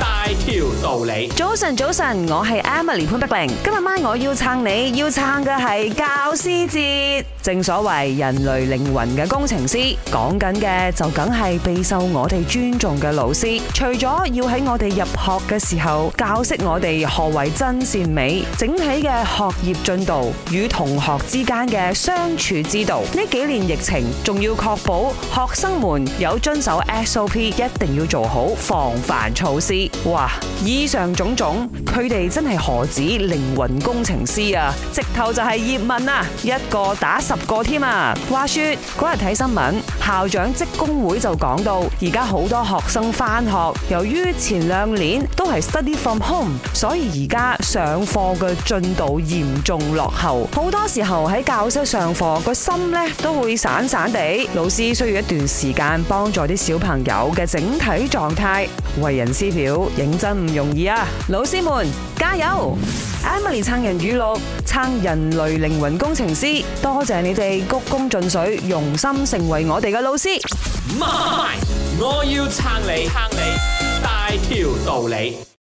大條道理，早晨早晨，我係 Emily 潘碧玲。今日晚我要撐你，要撐嘅係教師節。正所謂人類靈魂嘅工程師的，講緊嘅就梗係備受我哋尊重嘅老師。除咗要喺我哋入學嘅時候教識我哋何謂真善美，整體嘅學業進度與同學之間嘅相處之道。呢幾年疫情，仲要確保學生們有遵守 SOP，一定要做好防範措施。哇！以上種種，佢哋真係何止靈魂工程師啊！直頭就係葉問啊，一個打十個添啊！話說嗰日睇新聞，校長職工會就講到，而家好多學生翻學，由於前兩年都係 study from home，所以而家上課嘅進度嚴重落後，好多時候喺教室上課個心呢都會散散地，老師需要一段時間幫助啲小朋友嘅整體狀態。為人師表。認真唔容易啊！老師們加油！Emily 撐人語錄，撐人類靈魂工程師，多謝你哋鞠躬盡瘁，用心成為我哋嘅老師。媽咪，我要撐你，撐你大條道理。